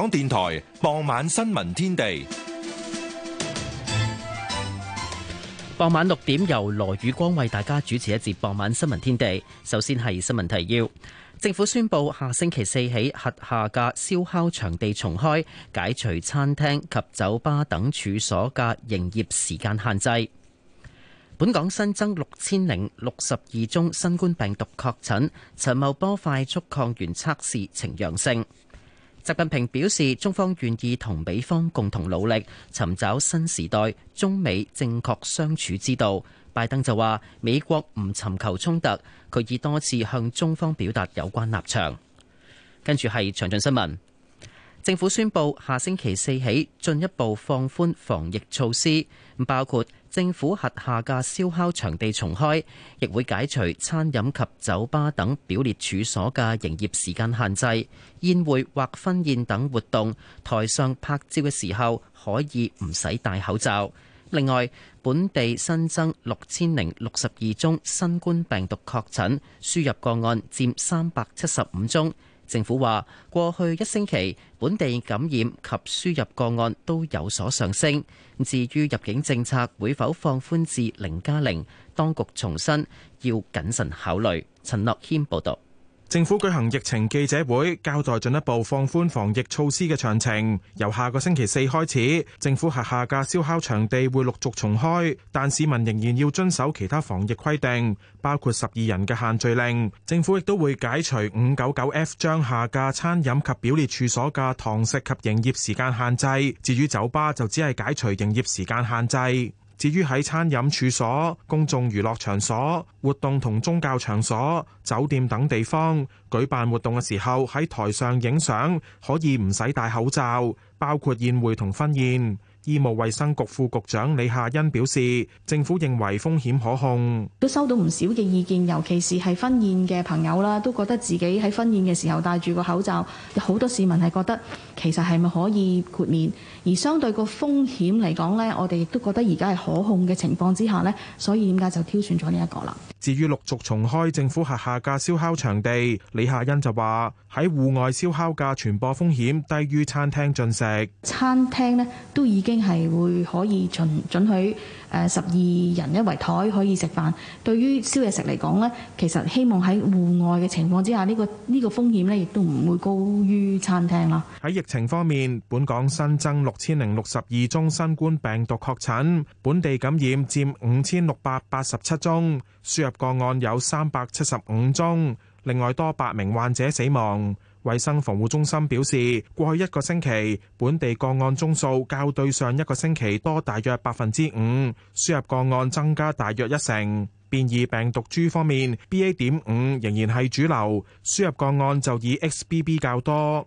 香港電台傍晚新聞天地。傍晚六點由羅宇光為大家主持一節傍晚新聞天地。首先係新聞提要：政府宣布下星期四起，轄下嘅燒烤場地重開，解除餐廳及酒吧等處所嘅營業時間限制。本港新增六千零六十二宗新冠病毒確診，陳茂波快速抗原測試呈陽性。習近平表示，中方願意同美方共同努力，尋找新時代中美正確相處之道。拜登就話，美國唔尋求衝突，佢已多次向中方表達有關立場。跟住係詳盡新聞。政府宣布下星期四起進一步放寬防疫措施，包括。政府轄下嘅燒烤場地重開，亦會解除餐飲及酒吧等表列處所嘅營業時間限制。宴會或婚宴等活動，台上拍照嘅時候可以唔使戴口罩。另外，本地新增六千零六十二宗新冠病毒確診，輸入個案佔三百七十五宗。政府話，過去一星期本地感染及輸入個案都有所上升。至於入境政策會否放寬至零加零，0，當局重申要謹慎考慮。陳諾軒報導。政府舉行疫情記者會，交代進一步放寬防疫措施嘅詳情。由下個星期四開始，政府轄下嘅燒烤場地會陸續重開，但市民仍然要遵守其他防疫規定，包括十二人嘅限聚令。政府亦都會解除五九九 F 章下嘅餐飲及表列處所嘅堂食及營業時間限制。至於酒吧，就只係解除營業時間限制。至於喺餐飲處所、公眾娛樂場所、活動同宗教場所、酒店等地方舉辦活動嘅時候，喺台上影相可以唔使戴口罩，包括宴會同婚宴。醫務衛生局副局長李夏欣表示，政府認為風險可控，都收到唔少嘅意見，尤其是係婚宴嘅朋友啦，都覺得自己喺婚宴嘅時候戴住個口罩，好多市民係覺得其實係咪可以豁免，而相對個風險嚟講呢，我哋亦都覺得而家係可控嘅情況之下呢，所以點解就挑選咗呢一個啦。至於陸續重開政府轄下嘅燒烤場地，李夏茵就話：喺戶外燒烤嘅傳播風險低於餐廳進食，餐廳呢都已經係會可以準準許。誒十二人一圍台可以食飯，對於宵夜食嚟講呢，其實希望喺戶外嘅情況之下，呢、呢個呢、呢個風險呢亦都唔會高於餐廳啦。喺疫情方面，本港新增六千零六十二宗新冠病毒確診，本地感染佔五千六百八十七宗，輸入個案有三百七十五宗，另外多八名患者死亡。衛生防護中心表示，過去一個星期本地個案宗數較對上一個星期多大約百分之五，輸入個案增加大約一成。變異病毒株方面，BA. 點五仍然係主流，輸入個案就以 XBB 較多。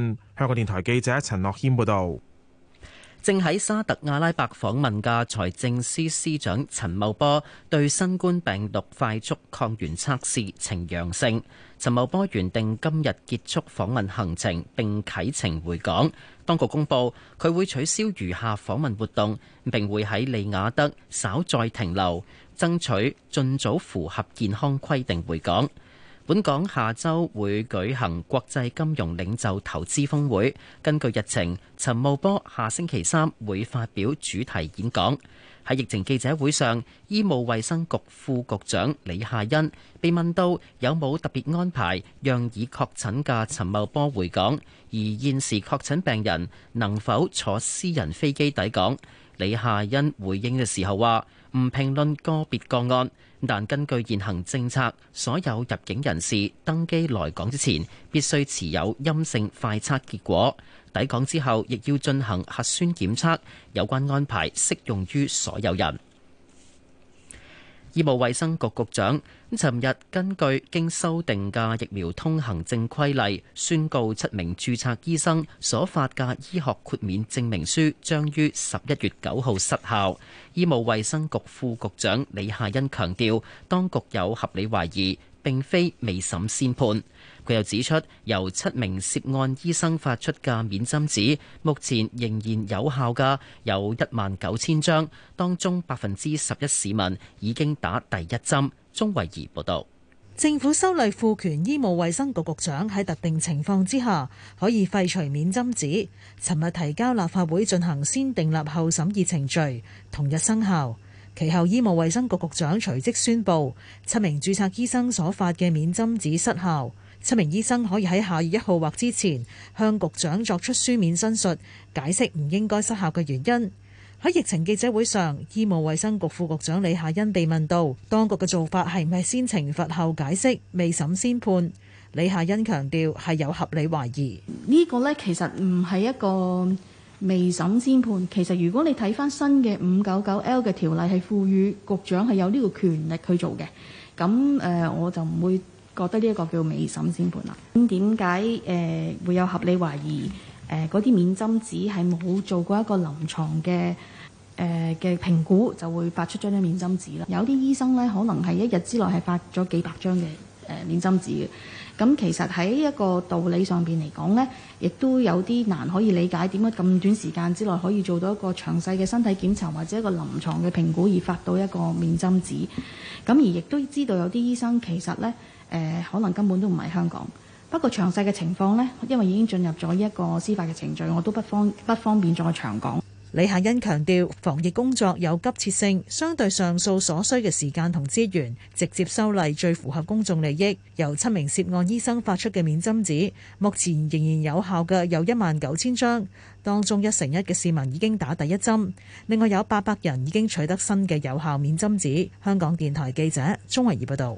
香港電台記者陳樂謙報道，正喺沙特阿拉伯訪問嘅財政司司長陳茂波對新冠病毒快速抗原測試呈陽性。陳茂波原定今日結束訪問行程，並啟程回港。當局公布，佢會取消餘下訪問活動，並會喺利雅德稍再停留，爭取盡早符合健康規定回港。本港下周會舉行國際金融領袖投資峰會，根據日程，陳茂波下星期三會發表主題演講。喺疫情記者會上，醫務衛生局副局長李夏茵被問到有冇特別安排讓已確診嘅陳茂波回港，而現時確診病人能否坐私人飛機抵港？李夏茵回應嘅時候話：唔評論個別個案。但根據現行政策，所有入境人士登機來港之前必須持有陰性快測結果，抵港之後亦要進行核酸檢測，有關安排適用於所有人。醫務衛生局局長咁，尋日根據經修訂嘅疫苗通行證規例，宣告七名注冊醫生所發嘅醫學豁免證明書將於十一月九號失效。醫務衛生局副局長李夏欣強調，當局有合理懷疑，並非未審先判。佢又指出，由七名涉案醫生發出嘅免針紙，目前仍然有效嘅，有一萬九千張，當中百分之十一市民已經打第一針。鍾慧儀報道，政府修例賦權醫務衛生局局長喺特定情況之下可以廢除免針紙，尋日提交立法會進行先訂立後審議程序，同日生效。其後，醫務衛生局局長隨即宣布七名注冊醫生所發嘅免針紙失效。七名醫生可以喺下月一號或之前向局長作出書面申述，解釋唔應該失效嘅原因。喺疫情記者會上，醫務衛生局副局長李夏欣被問到，當局嘅做法係唔係先懲罰後解釋，未審先判？李夏欣強調係有合理懷疑。呢個呢，其實唔係一個未審先判。其實如果你睇返新嘅五九九 L 嘅條例，係賦予局長係有呢個權力去做嘅。咁誒，我就唔會覺得呢一個叫未審先判啦。咁點解誒會有合理懷疑誒嗰啲免針紙係冇做過一個臨床嘅誒嘅評估，就會發出張啲免針紙啦？有啲醫生呢，可能係一日之內係發咗幾百張嘅誒、呃、免針紙嘅。咁其實喺一個道理上邊嚟講呢，亦都有啲難可以理解點解咁短時間之內可以做到一個詳細嘅身體檢查或者一個臨床嘅評估，而發到一個免針紙。咁而亦都知道有啲醫生其實呢。誒、呃、可能根本都唔係香港，不過詳細嘅情況呢，因為已經進入咗一個司法嘅程序，我都不方不方便再長講。李夏欣強調，防疫工作有急切性，相對上訴所需嘅時間同資源，直接修例最符合公眾利益。由七名涉案醫生發出嘅免針紙，目前仍然有效嘅有一萬九千張，當中一成一嘅市民已經打第一針，另外有八百人已經取得新嘅有效免針紙。香港電台記者鍾維儀報道。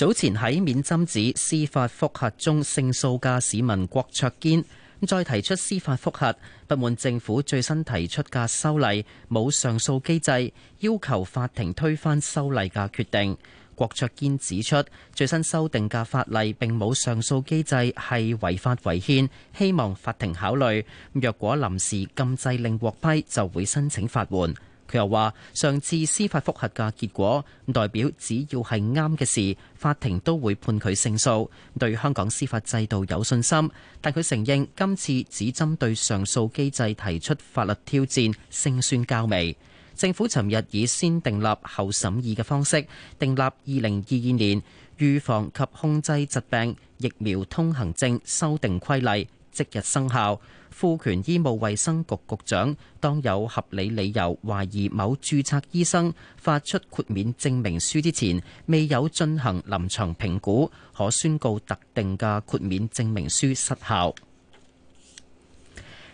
早前喺免針紙司法覆核中勝訴嘅市民郭卓堅，再提出司法覆核，不滿政府最新提出嘅修例冇上訴機制，要求法庭推翻修例嘅決定。郭卓堅指出，最新修訂嘅法例並冇上訴機制係違法違憲，希望法庭考慮。若果臨時禁制令獲批，就會申請法援。佢又話：上次司法覆核嘅結果，代表只要係啱嘅事，法庭都會判佢勝訴，對香港司法制度有信心。但佢承認今次只針對上訴機制提出法律挑戰，勝算較微。政府尋日以先訂立後審議嘅方式訂立《二零二二年預防及控制疾病疫苗通行證修訂規例》，即日生效。賦權醫務衛生局局長，當有合理理由懷疑某註冊醫生發出豁免證明書之前，未有進行臨場評估，可宣告特定嘅豁免證明書失效。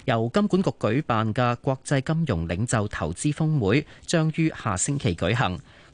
由金管局舉辦嘅國際金融領袖投資峰會將於下星期舉行。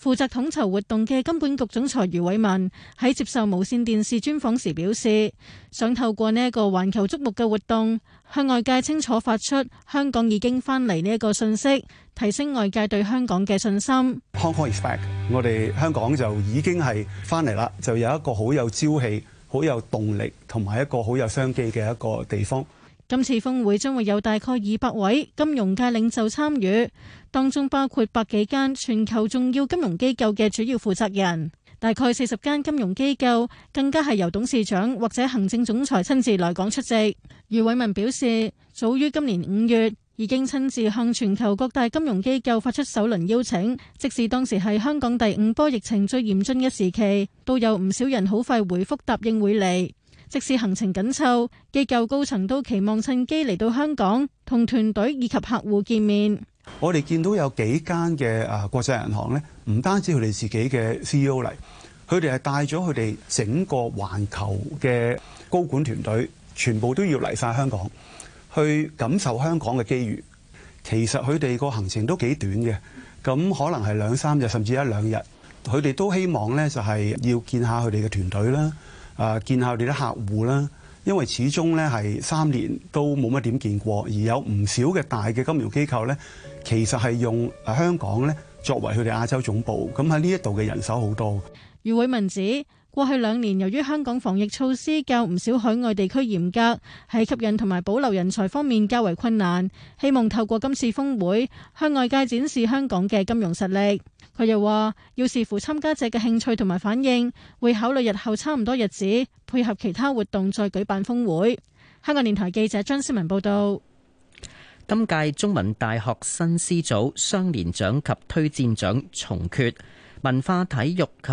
負責統籌活動嘅金管局總裁余偉文喺接受無綫電視專訪時表示，想透過呢個環球矚目嘅活動，向外界清楚發出香港已經翻嚟，呢一個信息，提升外界對香港嘅信心。Hong Kong is back，我哋香港就已經係翻嚟啦，就有一個好有朝氣、好有動力同埋一個好有商機嘅一個地方。今次峰會將會有大概二百位金融界領袖參與，當中包括百幾間全球重要金融機構嘅主要負責人，大概四十間金融機構更加係由董事長或者行政總裁親自來港出席。余偉文表示，早於今年五月已經親自向全球各大金融機構發出首輪邀請，即使當時係香港第五波疫情最嚴峻嘅時期，都有唔少人好快回復答應會嚟。即使行程緊湊，機構高層都期望趁機嚟到香港同團隊以及客戶見面。我哋見到有幾間嘅啊國際銀行咧，唔單止佢哋自己嘅 CEO 嚟，佢哋係帶咗佢哋整個環球嘅高管團隊，全部都要嚟晒香港去感受香港嘅機遇。其實佢哋個行程都幾短嘅，咁可能係兩三日甚至一兩日，佢哋都希望咧就係要見下佢哋嘅團隊啦。誒見下我哋啲客戶啦，因為始終咧係三年都冇乜點見過，而有唔少嘅大嘅金融機構咧，其實係用香港咧作為佢哋亞洲總部，咁喺呢一度嘅人手好多。余偉文指。過去兩年，由於香港防疫措施較唔少海外地區嚴格，喺吸引同埋保留人才方面較為困難。希望透過今次峰會向外界展示香港嘅金融實力。佢又話：要視乎參加者嘅興趣同埋反應，會考慮日後差唔多日子配合其他活動再舉辦峰會。香港電台記者張思文報道：「今屆中文大學新思組雙年獎及推薦獎重缺，文化體育及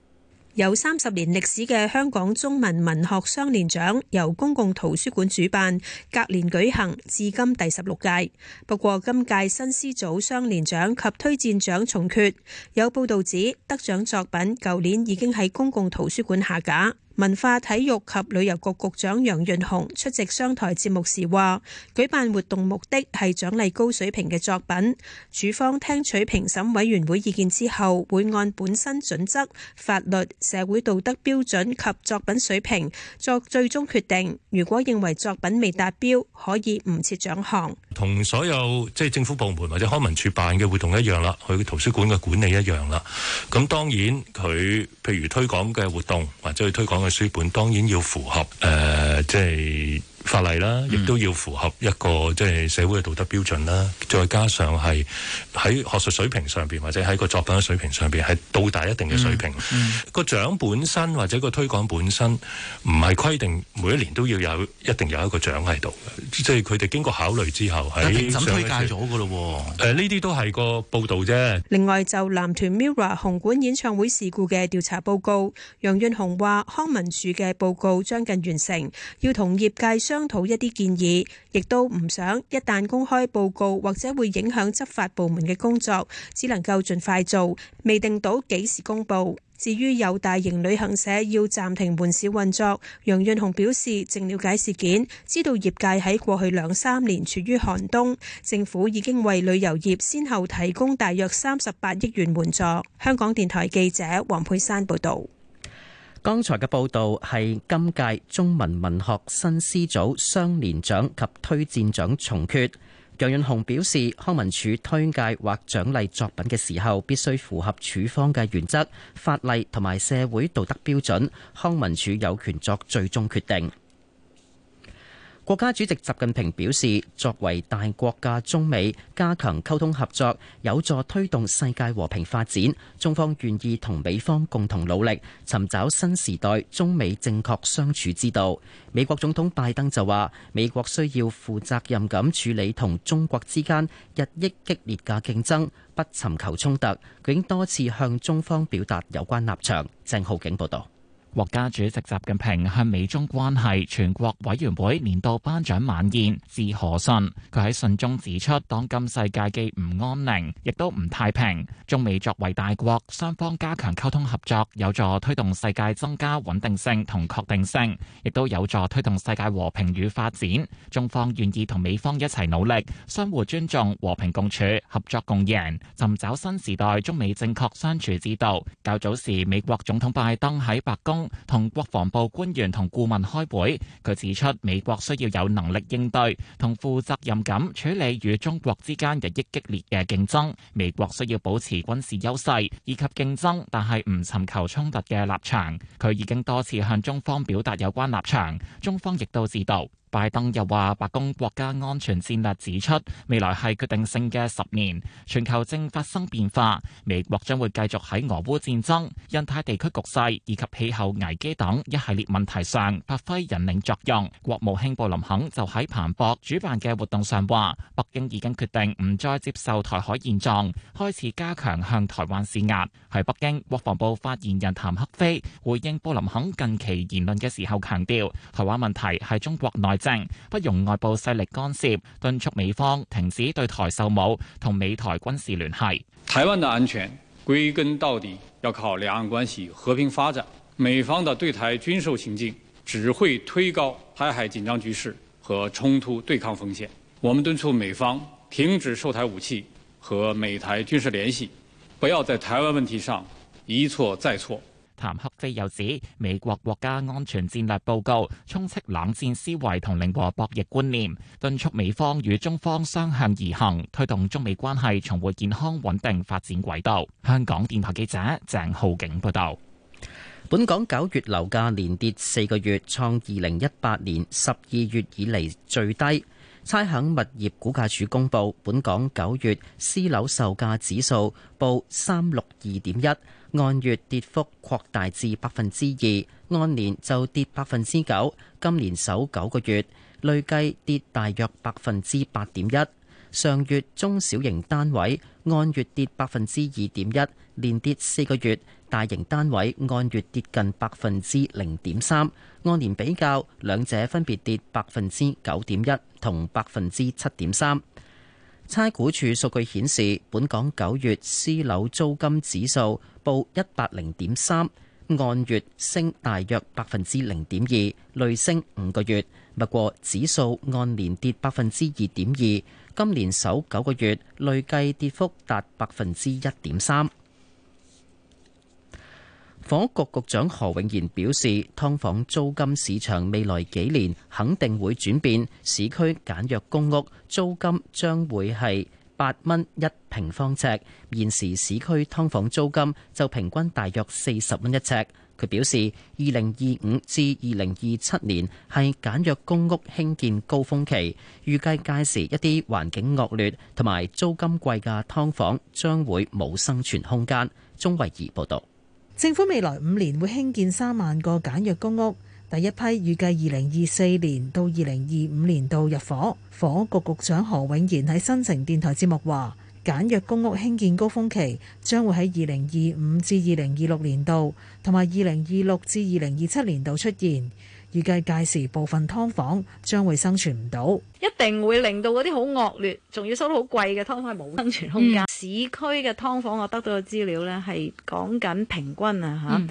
有三十年歷史嘅香港中文文學雙年獎由公共圖書館主辦，隔年舉行，至今第十六屆。不過，今屆新詩組雙年獎及推薦獎從缺，有報導指，得獎作品舊年已經喺公共圖書館下架。文化、體育及旅遊局局長楊潤雄出席商台節目時話，舉辦活動目的係獎勵高水平嘅作品。處方聽取評審委員會意見之後會按本身準則、法律、社會道德標準及作品水平作最終決定。如果認為作品未達標，可以唔設獎項，同所有即係政府部門或者康文署辦嘅活動一樣啦，佢圖書館嘅管理一樣啦。咁當然佢譬如推廣嘅活動或者去推廣嘅。書本當然要符合呃，即係，法例啦，亦都要符合一個即係社會嘅道德標準啦，再加上係喺學術水平上邊或者喺個作品嘅水平上邊係到達一定嘅水平。個獎、嗯嗯、本身或者個推廣本身，唔係規定每一年都要有一定有一個獎喺度嘅，即係佢哋經過考慮之後，喺評審推介咗嘅咯。誒呢啲都係個報道啫。另外，就男團 MIRROR 紅館演唱會事故嘅調查報告，楊潤雄話康文署嘅報告將近完成，要同業界。商討一啲建議，亦都唔想一旦公開報告或者會影響執法部門嘅工作，只能夠盡快做，未定到幾時公布。至於有大型旅行社要暫停門市運作，楊潤雄表示正了解事件，知道業界喺過去兩三年處於寒冬，政府已經為旅遊業先後提供大約三十八億元援助。香港電台記者黃佩珊報道。剛才嘅報道係今屆中文文學新詩組雙年獎及推薦獎從缺。楊潤雄表示，康文署推介或獎勵作品嘅時候，必須符合署方嘅原則、法例同埋社會道德標準。康文署有權作最終決定。國家主席習近平表示，作為大國家中美加強溝通合作，有助推動世界和平發展。中方願意同美方共同努力，尋找新時代中美正確相處之道。美國總統拜登就話，美國需要負責任咁處理同中國之間日益激烈嘅競爭，不尋求衝突。佢已經多次向中方表達有關立場。鄭浩景報道。國家主席習近平向美中關係全國委員會年度頒獎晚宴致賀信。佢喺信中指出，當今世界既唔安寧，亦都唔太平。中美作為大國，雙方加強溝通合作，有助推動世界增加穩定性同確定性，亦都有助推動世界和平與發展。中方願意同美方一齊努力，相互尊重、和平共處、合作共贏，尋找新時代中美正確相處之道。較早時，美國總統拜登喺白宮，同國防部官員同顧問開會，佢指出美國需要有能力應對同負責任咁處理與中國之間日益激烈嘅競爭。美國需要保持軍事優勢以及競爭，但係唔尋求衝突嘅立場。佢已經多次向中方表達有關立場，中方亦都知道。拜登又話白宮國家安全戰略指出，未來係決定性嘅十年，全球正發生變化，美國將會繼續喺俄烏戰爭、印太地區局勢以及氣候危機等一系列問題上發揮引領作用。國務卿布林肯就喺彭博主辦嘅活動上話，北京已經決定唔再接受台海現狀，開始加強向台灣施壓。喺北京，國防部發言人譚克非回應布林肯近期言論嘅時候強調，台灣問題係中國內正不容外部勢力干涉，敦促美方停止對台售武同美台軍事聯繫。台灣的安全歸根到底要靠兩岸關係和平發展，美方的對台軍售行徑只會推高台海緊張局勢和衝突對抗風險。我們敦促美方停止售台武器和美台軍事聯繫，不要在台灣問題上一錯再錯。譚克非又指，美國國家安全戰略報告充斥冷戰思維同零和博弈觀念，敦促美方與中方相向而行，推動中美關係重回健康穩定發展軌道。香港電台記者鄭浩景報道。本港九月樓價連跌四個月，創二零一八年十二月以嚟最低。差餉物業估價署公布，本港九月私樓售價指數報三六二點一。按月跌幅擴大至百分之二，按年就跌百分之九，今年首九個月累計跌大約百分之八點一。上月中小型單位按月跌百分之二點一，連跌四個月；大型單位按月跌近百分之零點三，按年比較，兩者分別跌百分之九點一同百分之七點三。差估署數據顯示，本港九月私樓租金指數報一百零點三，按月升大約百分之零點二，累升五個月。不過指數按年跌百分之二點二，今年首九個月累計跌幅達百分之一點三。房屋局局長何永賢表示，劏房租金市場未來幾年肯定會轉變。市區簡約公屋租金將會係八蚊一平方尺，現時市區劏房租金就平均大約四十蚊一尺。佢表示，二零二五至二零二七年係簡約公屋興建高峰期，預計屆時一啲環境惡劣，同埋租金貴嘅劏房將會冇生存空間。鐘慧儀報道。政府未來五年會興建三萬個簡約公屋，第一批預計二零二四年到二零二五年度入伙。房屋局局長何永賢喺新城電台節目話，簡約公屋興建高峰期將會喺二零二五至二零二六年度，同埋二零二六至二零二七年度出現。預計屆時部分劏房將會生存唔到，一定會令到嗰啲好惡劣，仲要收得好貴嘅劏房冇生存空間。嗯、市區嘅劏房我得到嘅資料呢，係講緊平均啊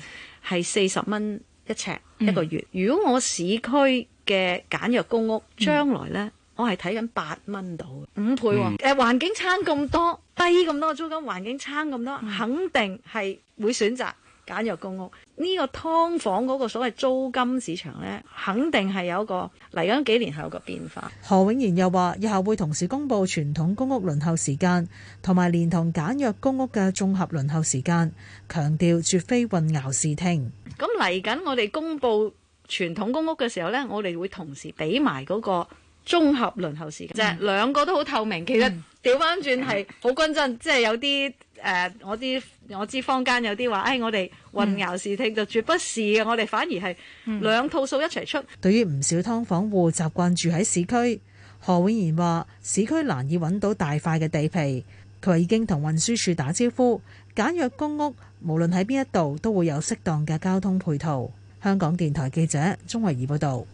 吓，係四十蚊一尺一個月。嗯、如果我市區嘅簡約公屋將來呢，我係睇緊八蚊到，五倍喎、啊。誒、嗯，環境差咁多，低咁多租金，環境差咁多，肯定係會選擇。簡約公屋呢、這個劏房嗰個所謂租金市場呢，肯定係有一個嚟緊幾年後個變化。何永賢又話，以後會同時公佈傳統公屋輪候時間，同埋連同簡約公屋嘅綜合輪候時間，強調絕非混淆視聽。咁嚟緊我哋公佈傳統公屋嘅時候呢，我哋會同時俾埋嗰個。綜合輪候時間啫，兩、嗯、個都好透明。嗯、其實調翻轉係好均真，嗯、即係有啲誒、呃，我啲我知坊間有啲話，誒、哎、我哋混淆視聽就絕不是嘅，我哋反而係兩套數一齊出。對於唔少劏房戶習慣住喺市區，何永賢話：市區難以揾到大塊嘅地皮，佢話已經同運輸署打招呼，簡約公屋無論喺邊一度都會有適當嘅交通配套。香港電台，台記者鍾慧儀報道。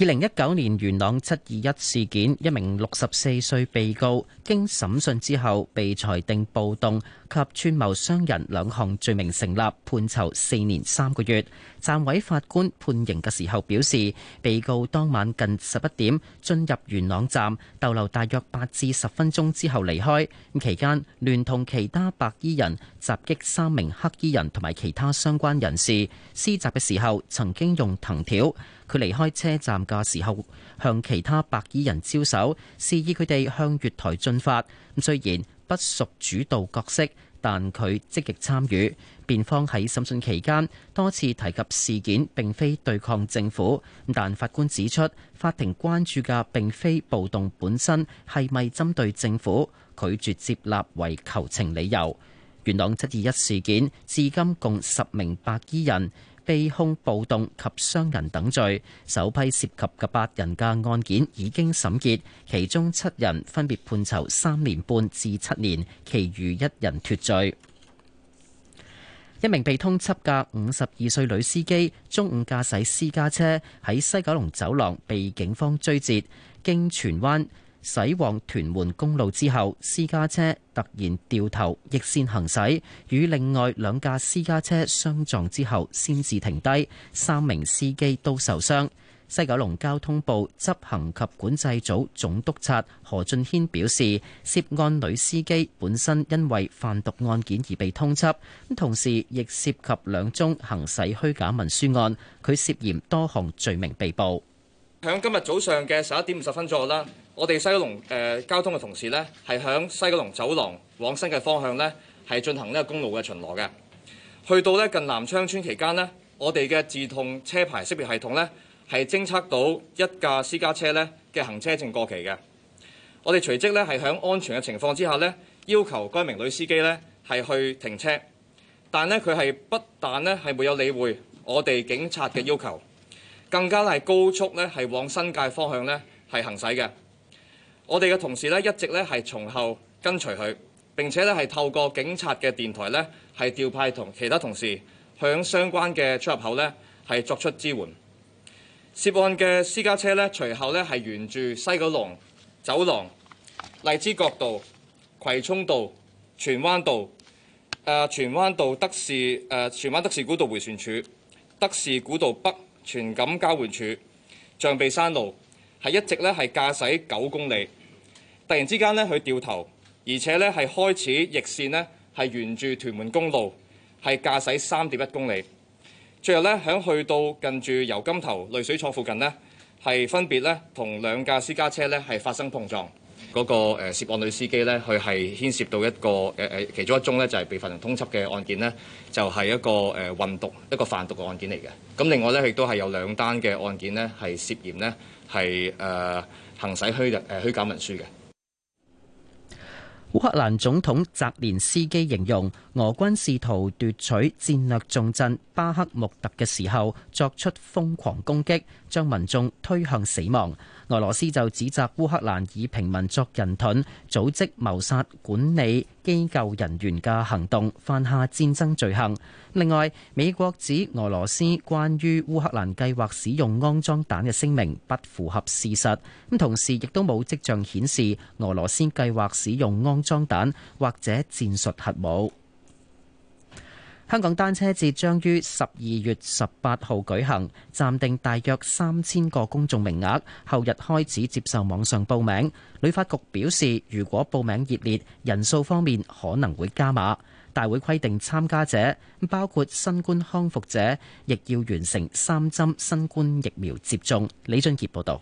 二零一九年元朗七二一事件，一名六十四歲被告經審訊之後，被裁定暴動及串謀傷人兩項罪名成立，判囚四年三個月。暫委法官判刑嘅時候表示，被告當晚近十一點進入元朗站逗留大約八至十分鐘之後離開，期間聯同其他白衣人襲擊三名黑衣人同埋其他相關人士。施襲嘅時候曾經用藤條。佢離開車站嘅時候向其他白衣人招手，示意佢哋向月台進發，雖然不屬主導角色，但佢積極參與。辯方喺審訊期間多次提及事件，並非對抗政府。但法官指出，法庭關注嘅並非暴動本身係咪針對政府，拒絕接納為求情理由。元朗七二一事件至今共十名白衣人被控暴動及傷人等罪，首批涉及嘅八人嘅案件已經審結，其中七人分別判囚三年半至七年，其餘一人脫罪。一名被通緝嘅五十二歲女司機中午駕駛私家車喺西九龍走廊被警方追截，經荃灣駛往屯門公路之後，私家車突然掉頭逆線行駛，與另外兩架私家車相撞之後先至停低，三名司機都受傷。西九龍交通部執行及管制組總督察何俊軒表示，涉案女司機本身因為販毒案件而被通緝，咁同時亦涉及兩宗行使虛假文書案，佢涉嫌多項罪名被捕。響今日早上嘅十一點五十分左右啦，我哋西九龍誒、呃、交通嘅同事呢係響西九龍走廊往新界方向呢係進行呢個公路嘅巡邏嘅。去到呢近南昌村期間呢，我哋嘅自動車牌識別系統呢。係偵測到一架私家車咧嘅行車證過期嘅，我哋隨即咧係響安全嘅情況之下咧，要求該名女司機咧係去停車，但咧佢係不但咧係沒有理會我哋警察嘅要求，更加係高速咧係往新界方向咧係行駛嘅。我哋嘅同事咧一直咧係從後跟隨佢，並且咧係透過警察嘅電台咧係調派同其他同事向相關嘅出入口咧係作出支援。涉案嘅私家車咧，隨後咧係沿住西九龍走廊、荔枝角道、葵涌道、荃灣道、誒、呃、荃灣道德士誒荃、呃、灣德士古道迴旋處、德士古道北荃錦交匯處、象鼻山路，係一直咧係駕駛九公里，突然之間咧佢掉頭，而且咧係開始逆線咧係沿住屯門公路係駕駛三點一公里。最後咧，響去到近住油金頭濾水廠附近咧，係分別咧同兩架私家車咧係發生碰撞。嗰個誒涉案女司機咧，佢係牽涉到一個誒誒其中一宗咧就係被發現通緝嘅案件咧，就係一個誒運毒一個販毒嘅案件嚟嘅。咁另外咧亦都係有兩單嘅案件咧係涉嫌咧係誒行使虛偽誒虛假文書嘅。烏克蘭總統澤連斯基形容，俄軍試圖奪取戰略重鎮巴克穆特嘅時候，作出瘋狂攻擊，將民眾推向死亡。俄羅斯就指責烏克蘭以平民作人盾，組織謀殺管理機構人員嘅行動，犯下戰爭罪行。另外，美國指俄羅斯關於烏克蘭計劃使用骯髒彈嘅聲明不符合事實，咁同時亦都冇跡象顯示俄羅斯計劃使用骯髒彈或者戰術核武。香港單車節將於十二月十八號舉行，暫定大約三千個公眾名額，後日開始接受網上報名。旅發局表示，如果報名熱烈，人數方面可能會加碼。大會規定參加者包括新冠康復者，亦要完成三針新冠疫苗接種。李俊杰報道。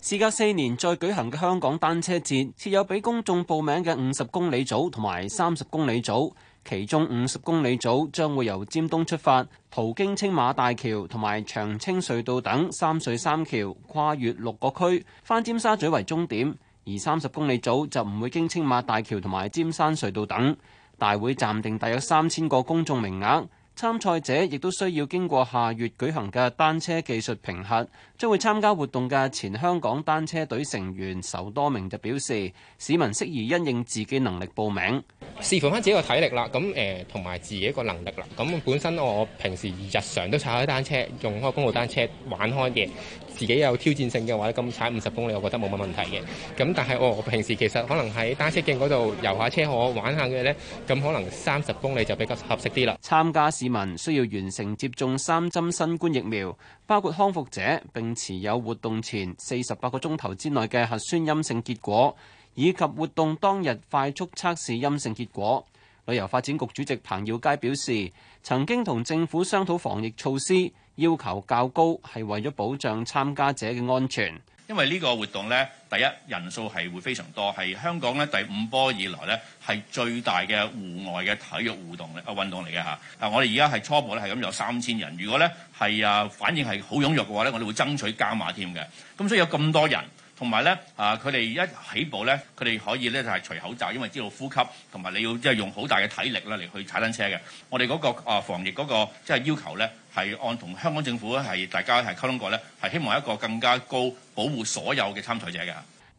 事隔四年再舉行嘅香港單車節，設有俾公眾報名嘅五十公里組同埋三十公里組。其中五十公里組將會由尖東出發，途經青馬大橋同埋長青隧道等三隧三橋，跨越六個區，翻尖沙咀為終點。而三十公里組就唔會經青馬大橋同埋尖山隧道等。大會暫定大約三千個公眾名額，參賽者亦都需要經過下月舉行嘅單車技術評核。將會參加活動嘅前香港單車隊成員仇多明就表示：市民適宜因應自己能力報名，視乎翻自己個體力啦，咁誒同埋自己個能力啦。咁本身我平時日常都踩開單車，用開公路單車玩開嘅，自己有挑戰性嘅話咁踩五十公里，我覺得冇乜問題嘅。咁但係我平時其實可能喺單車徑嗰度遊下車河玩下嘅呢，咁可能三十公里就比較合適啲啦。參加市民需要完成接種三針新冠疫苗，包括康復者，並持有活動前四十八個鐘頭之內嘅核酸陰性結果，以及活動當日快速測試陰性結果。旅遊發展局主席彭耀佳表示，曾經同政府商討防疫措施，要求較高係為咗保障參加者嘅安全。因為呢個活動呢，第一，人數係會非常多，係香港呢，第五波以來呢，係最大嘅戶外嘅體育活動啊、呃、運動嚟嘅嚇。但、啊、我哋而家係初步呢，係咁有三千人。如果呢，係啊反應係好踴躍嘅話呢，我哋會爭取加碼添嘅。咁所以有咁多人。同埋咧，啊，佢哋一起步咧，佢哋可以咧就係除口罩，因為知道呼吸，同埋你要即係用好大嘅體力啦，嚟去踩單車嘅。我哋嗰個啊防疫嗰個即係要求咧，係按同香港政府係大家係溝通過咧，係希望一個更加高保護所有嘅參賽者嘅。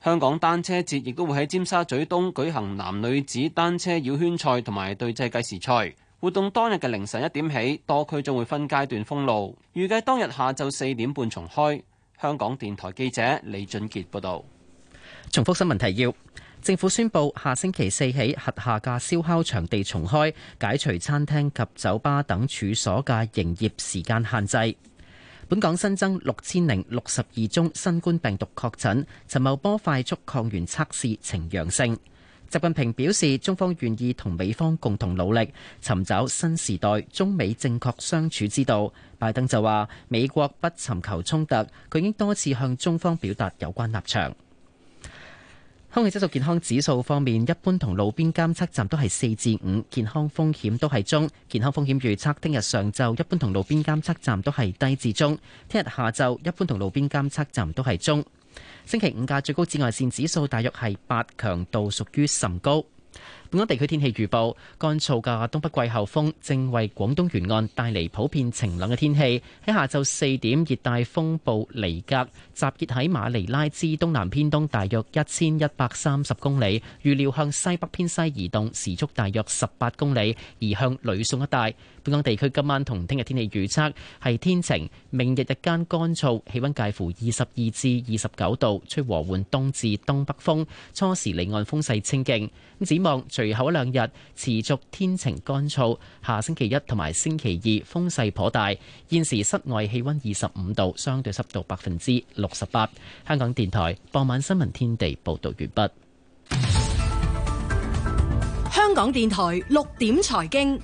香港單車節亦都會喺尖沙咀東舉行男女子單車繞圈賽同埋對制計時賽活動，當日嘅凌晨一點起，多區將會分階段封路，預計當日下晝四點半重開。香港電台記者李俊杰報道：重複新聞提要，政府宣布下星期四起，核下架燒烤場地重開，解除餐廳及酒吧等處所嘅營業時間限制。本港新增六千零六十二宗新冠病毒確診，陳茂波快速抗原測試呈陽性。習近平表示，中方願意同美方共同努力，尋找新時代中美正確相處之道。拜登就話，美國不尋求衝突，佢已經多次向中方表達有關立場。空氣質素健康指數方面，一般同路邊監測站都係四至五，健康風險都係中。健康風險預測，聽日上晝一般同路邊監測站都係低至中，聽日下晝一般同路邊監測站都係中。星期五嘅最高紫外線指數大約係八，強度屬於甚高。本港地區天氣預報，乾燥嘅東北季候風正為廣東沿岸帶嚟普遍晴朗嘅天氣，喺下晝四點，熱帶風暴尼格集結喺馬尼拉之東南偏東大約一千一百三十公里，預料向西北偏西移動，時速大約十八公里，移向呂宋一帶。本港地區今晚同聽日天氣預測係天晴，明日日間乾燥，氣溫介乎二十二至二十九度，吹和緩東至東北風，初時離岸風勢清勁，咁展望，隨。隨後一兩日持續天晴乾燥，下星期一同埋星期二風勢頗大。現時室外氣温二十五度，相對濕度百分之六十八。香港電台傍晚新聞天地報道完畢。香港電台六點財經，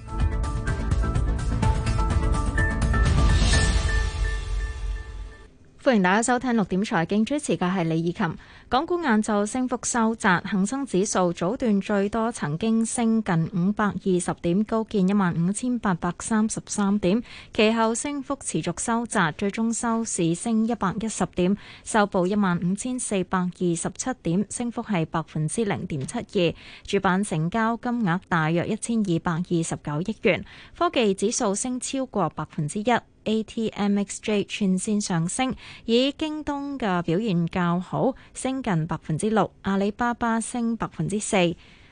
歡迎大家收聽六點財經，主持嘅係李以琴。港股晏晝升幅收窄，恒生指數早段最多曾經升近五百二十點，高見一萬五千八百三十三點，其後升幅持續收窄，最終收市升一百一十點，收報一萬五千四百二十七點，升幅係百分之零點七二，主板成交金額大約一千二百二十九億元，科技指數升超過百分之一。A T M X J 全綫上升，以京東嘅表現較好，升近百分之六，阿里巴巴升百分之四，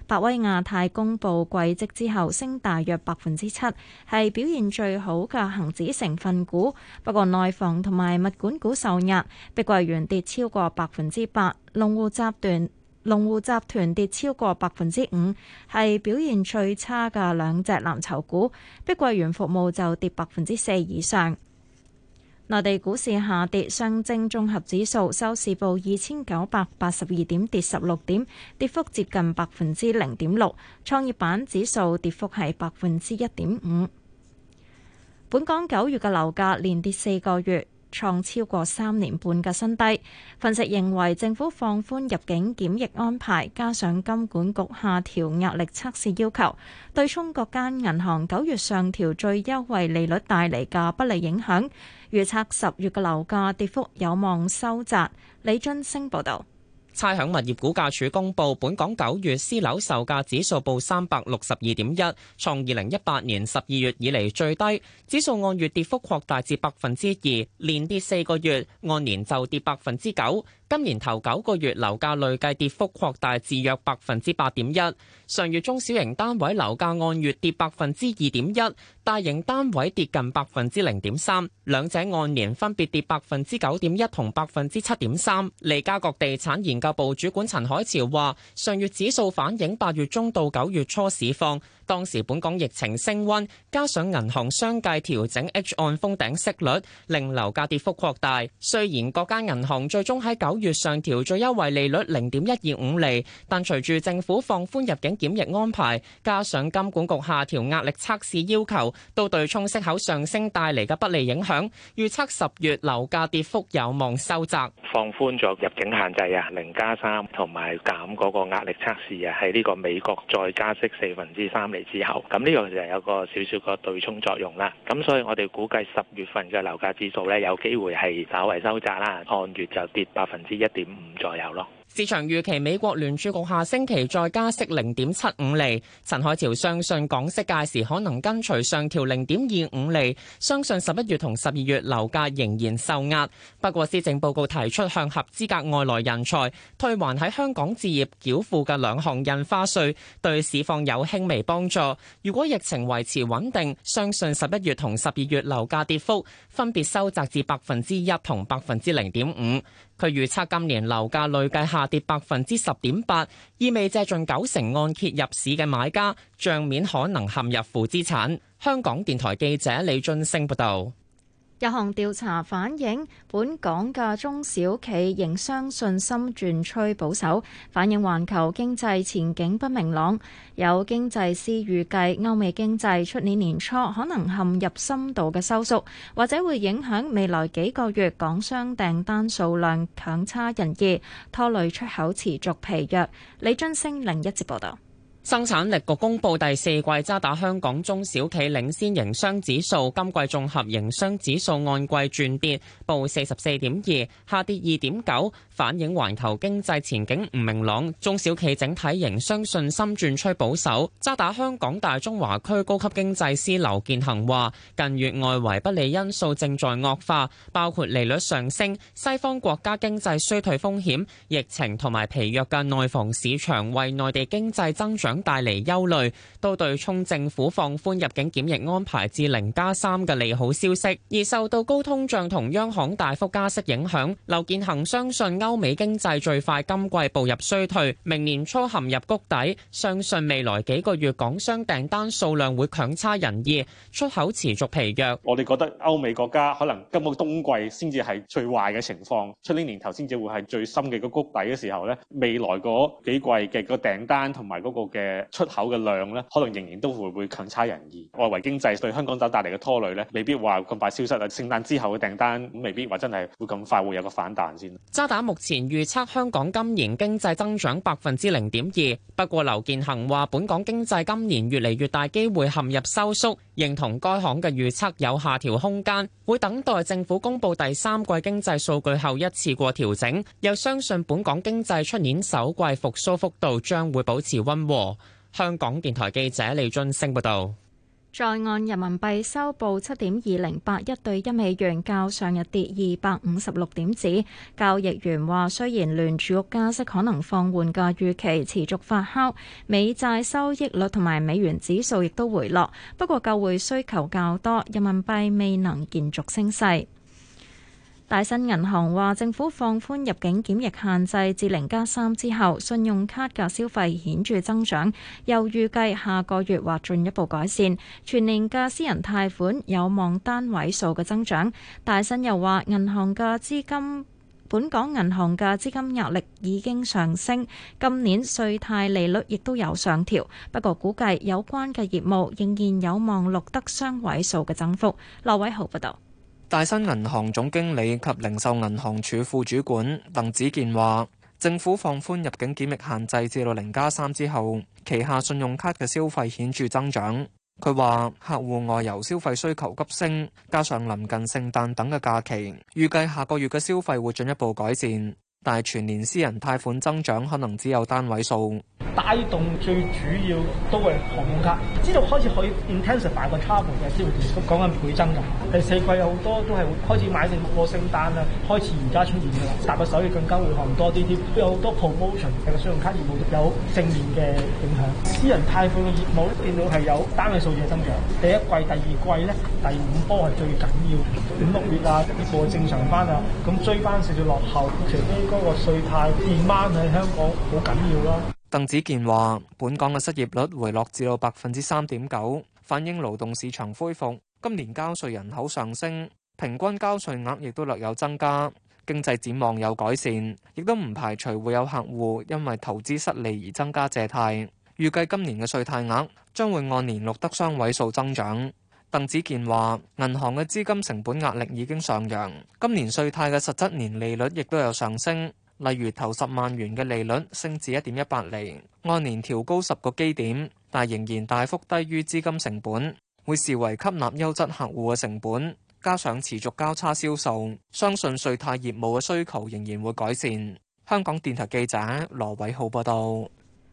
百威亞太公佈季績之後升大約百分之七，係表現最好嘅恒指成分股。不過內房同埋物管股受壓，碧桂園跌超過百分之八，龍湖集團。龍湖集團跌超過百分之五，係表現最差嘅兩隻藍籌股。碧桂園服務就跌百分之四以上。內地股市下跌，上證綜合指數收市報二千九百八十二點，跌十六點，跌幅接近百分之零點六。創業板指數跌幅係百分之一點五。本港九月嘅樓價連跌四個月。創超過三年半嘅新低。分析認為，政府放寬入境檢疫安排，加上金管局下調壓力測試要求，對沖各間銀行九月上調最優惠利率帶嚟嘅不利影響，預測十月嘅樓價跌幅有望收窄。李津升報導。差餉物業估價署公佈，本港九月私樓售價指數報三百六十二點一，創二零一八年十二月以嚟最低，指數按月跌幅擴大至百分之二，連跌四個月，按年就跌百分之九。今年頭九個月樓價累計跌幅擴大至約百分之八點一，上月中小型單位樓價按月跌百分之二點一，大型單位跌近百分之零點三，兩者按年分別跌百分之九點一同百分之七點三。利嘉閣地產研究部主管陳海潮話：上月指數反映八月中到九月初市況。當時本港疫情升溫，加上銀行相繼調整 H 按封頂息率，令樓價跌幅擴大。雖然各家銀行最終喺九月上調最優惠利率零點一二五厘，但隨住政府放寬入境檢疫安排，加上金管局下調壓力測試要求，都對沖息口上升帶嚟嘅不利影響。預測十月樓價跌幅有望收窄。放寬咗入境限制啊，零加三同埋減嗰個壓力測試啊，喺呢個美國再加息四分之三之後，咁呢樣就有個少少個對沖作用啦。咁所以，我哋估計十月份嘅樓價指數呢，有機會係稍微收窄啦，按月就跌百分之一點五左右咯。市場預期美國聯儲局下星期再加息零點七五厘。陳海潮相信港息屆時可能跟隨上調零點二五厘，相信十一月同十二月樓價仍然受壓。不過施政報告提出向合資格外來人才退還喺香港置業繳付嘅兩項印花稅，對市況有輕微幫助。如果疫情維持穩定，相信十一月同十二月樓價跌幅分別收窄至百分之一同百分之零點五。佢預測今年樓價累計下跌百分之十點八，意味借近九成按揭入市嘅買家，帳面可能陷入負資產。香港電台記者李俊升報道。一項調查反映，本港嘅中小企營商信心轉趨保守，反映環球經濟前景不明朗。有經濟師預計歐美經濟出年年初可能陷入深度嘅收縮，或者會影響未來幾個月港商訂單數量強差人意，拖累出口持續疲弱。李津星另一節報道。生產力局公布第四季渣打香港中小企領先營商指數，今季綜合營商指數按季轉跌，報四十四點二，下跌二點九，反映環球經濟前景唔明朗，中小企整體營商信心轉趨保守。渣打香港大中華區高級經濟師劉健恒話：近月外圍不利因素正在惡化，包括利率上升、西方國家經濟衰退風險、疫情同埋疲弱嘅內房市場，為內地經濟增長帶嚟憂慮，都對沖政府放寬入境檢疫安排至零加三嘅利好消息，而受到高通脹同央行大幅加息影響，劉建恒相信歐美經濟最快今季步入衰退，明年初陷入谷底，相信未來幾個月港商訂單數量會強差人意，出口持續疲弱。我哋覺得歐美國家可能今個冬季先至係最壞嘅情況，出年年頭先至會係最深嘅個谷底嘅時候呢，未來嗰幾季嘅個訂單同埋嗰個嘅。誒出口嘅量咧，可能仍然都會會強差人意。外圍經濟對香港等帶嚟嘅拖累咧，未必話咁快消失。聖誕之後嘅訂單，未必話真係會咁快會有個反彈先。渣打目前預測香港今年經濟增長百分之零點二。不過劉健恒話本港經濟今年越嚟越大機會陷入收縮，認同該行嘅預測有下調空間，會等待政府公布第三季經濟數據後一次過調整。又相信本港經濟出年首季復甦幅度將會保持溫和。香港電台記者李俊升報道。在岸人民幣收報七點二零八一對一美元，較上日跌二百五十六點子。交易員話：雖然聯儲局加息可能放緩嘅預期持續發酵，美債收益率同埋美元指數亦都回落，不過救匯需求較多，人民幣未能延續升勢。大新銀行話：政府放寬入境檢疫限制至零加三之後，信用卡嘅消費顯著增長，又預計下個月或進一步改善。全年嘅私人貸款有望單位數嘅增長。大新又話：銀行嘅資金，本港銀行嘅資金壓力已經上升，今年稅貸利率亦都有上調。不過估計有關嘅業務仍然有望錄得雙位數嘅增幅。劉偉豪報道。大新銀行總經理及零售銀行處副主管鄧子健話：政府放寬入境檢疫限制至到零加三之後，旗下信用卡嘅消費顯著增長。佢話：客戶外遊消費需求急升，加上臨近聖誕等嘅假期，預計下個月嘅消費會進一步改善。但係全年私人貸款增長可能只有單位數，帶動最主要都係信用卡，知道開始可以 intensive 大個卡盤嘅，即係講緊倍增嘅。第四季有好多都係開始買定過聖誕啦，開始而家出現嘅啦，大個手亦更加會行多啲啲，都有好多 promotion 個信用卡業務有，有正面嘅影響。私人貸款嘅業務咧，見到係有單位數字嘅增長。第一季、第二季咧，第五波係最緊要，五、六月啊，跌過正常班啊，咁追翻少少落後，其嗰個稅貸變翻喺香港好緊要啦。鄧子健話：本港嘅失業率回落至到百分之三點九，反映勞動市場恢復。今年交稅人口上升，平均交稅額亦都略有增加，經濟展望有改善，亦都唔排除會有客戶因為投資失利而增加借貸。預計今年嘅稅貸額將會按年錄得雙位數增長。鄧子健話：銀行嘅資金成本壓力已經上揚，今年稅貸嘅實質年利率亦都有上升。例如頭十萬元嘅利率升至一點一八厘，按年調高十個基點，但仍然大幅低於資金成本，會視為吸納優質客戶嘅成本。加上持續交叉銷售，相信稅貸業務嘅需求仍然會改善。香港電台記者羅偉浩報道。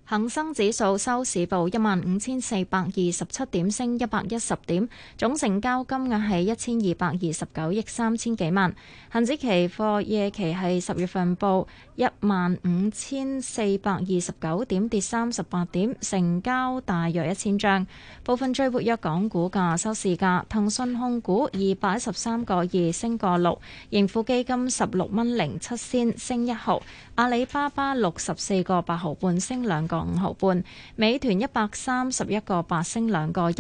恒生指數收市報一萬五千四百二十七點，升一百一十點，總成交金額係一千二百二十九億三千幾萬。恒指期貨夜期係十月份報一萬五千四百二十九點，跌三十八點，成交大約一千張。部分最活躍港股價收市價：騰訊控股二百一十三個二升個六，盈富基金十六蚊零七仙升一毫，阿里巴巴六十四個八毫半升兩個。五毫半，美團一百三十一個八升兩個一，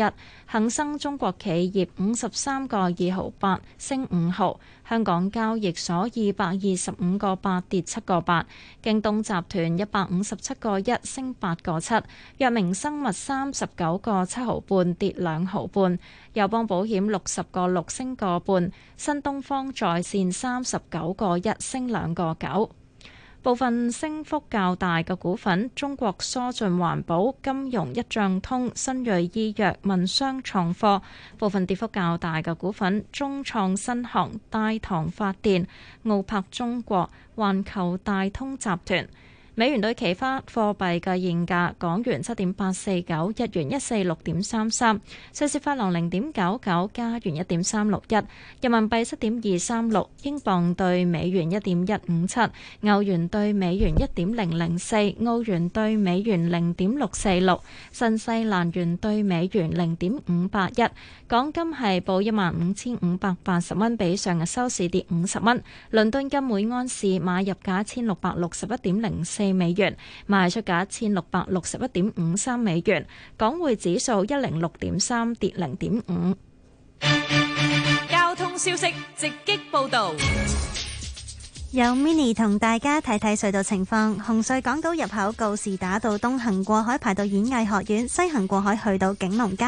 恒生中國企業五十三個二毫八升五毫，香港交易所二百二十五個八跌七個八，京東集團一百五十七個一升八個七，藥明生物三十九個七毫半跌兩毫半，友邦保險六十個六升個半，新東方在線三十九個一升兩個九。部分升幅較大嘅股份：中國疏浚環保、金融一帳通、新銳醫藥、民商創科。部分跌幅較大嘅股份：中創新航、大唐發電、奧珀中國、環球大通集團。美元對其他貨幣嘅現價，港元七點八四九，日元一四六點三三，瑞士法郎零點九九，加元一點三六一，人民幣七點二三六，英鎊對美元一點一五七，歐元對美元一點零零四，澳元對美元零點六四六，新西蘭元對美元零點五八一。港金係報一萬五千五百八十蚊，比上日收市跌五十蚊。倫敦金每安士買入價一千六百六十一點零四。美元賣出價一千六百六十一點五三美元，港匯指數一零六點三跌零點五。交通消息直擊報道。有 mini 同大家睇睇隧道情況，紅隧港島入口告士打道東行過海排到演藝學院，西行過海去到景隆街，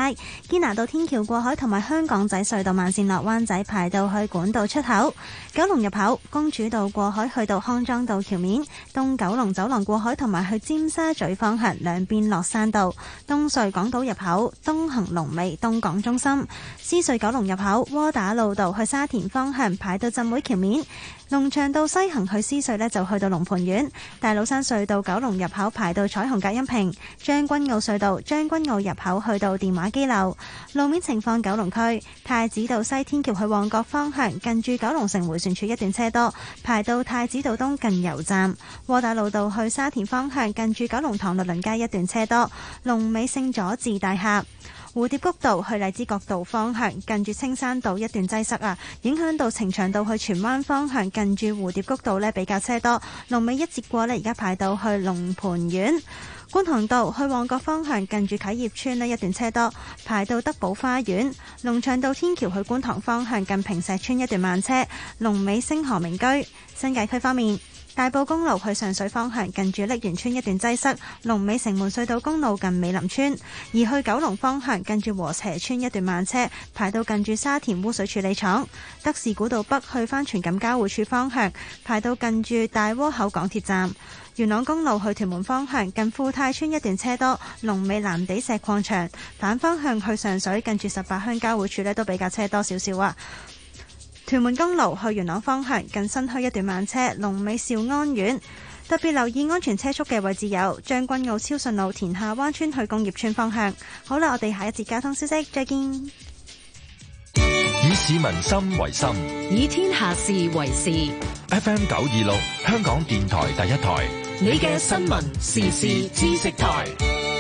堅拿道天橋過海同埋香港仔隧道慢線落灣仔排到去管道出口。九龍入口公主道過海去到康莊道橋面，東九龍走廊過海同埋去尖沙咀方向兩邊落山道。東隧港島入口東行龍尾東港中心，獅隧九龍入口窩打老道去沙田方向排到浸會橋面，龍翔道，西行去獅隧呢，就去到龍蟠苑；大老山隧道九龍入口排到彩虹隔音屏，將軍澳隧道將軍澳入口去到電話機樓路面情況。九龍區太子道西天橋去旺角方向，近住九龍城回旋處一段車多，排到太子道東近油站。窩打老道去沙田方向，近住九龍塘律倫街一段車多。龍尾聖佐治大廈。蝴蝶谷道去荔枝角道方向，近住青山道一段擠塞啊，影響到呈祥道去荃灣方向，近住蝴蝶谷道呢比較車多。龍尾一截過呢，而家排到去龍蟠苑。觀塘道去旺角方向，近住啟業村呢一段車多，排到德寶花園。龍翔道天橋去觀塘方向，近平石村一段慢車，龍尾星河名居。新界區方面大埔公路去上水方向，近住瀝源村一段擠塞；龍尾城門隧道公路近美林村；而去九龍方向，近住和斜村一段慢車，排到近住沙田污水處理廠；德士古道北去翻荃錦交匯處方向，排到近住大窩口港鐵站；元朗公路去屯門方向，近富泰村一段車多；龍尾藍地石礦場反方向去上水，近住十八鄉交匯處呢都比較車多少少啊。屯門公路去元朗方向，近新墟一段慢車，龍尾兆安苑。特別留意安全車速嘅位置有將軍澳超順路、田下灣村去工業村方向。好啦，我哋下一節交通消息，再見。以市民心為心，以天下事為事。FM 九二六，香港電台第一台，你嘅新聞時事知識台。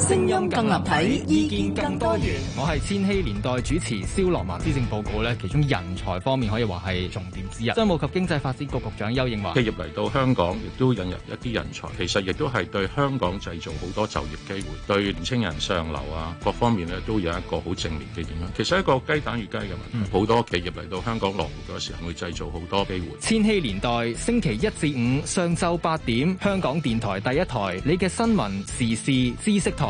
聲音更立體，意見更多元。我係千禧年代主持蕭樂文。施政報告咧，其中人才方面可以話係重點之一。商務及經濟發展局局長邱應華，企業嚟到香港，亦都引入一啲人才，其實亦都係對香港製造好多就業機會，對年青人上流啊，各方面咧，都有一個好正面嘅影響。其實一個雞蛋與雞嘅問題，好、嗯、多企業嚟到香港落戶嘅時候，會製造好多機會。千禧年代星期一至五上晝八點，香港電台第一台，你嘅新聞時事知識台。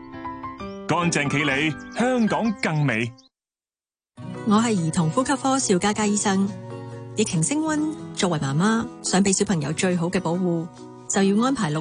乾淨企理，香港更美。我係兒童呼吸科邵佳佳醫生，疫情升溫，作為媽媽，想俾小朋友最好嘅保護，就要安排六。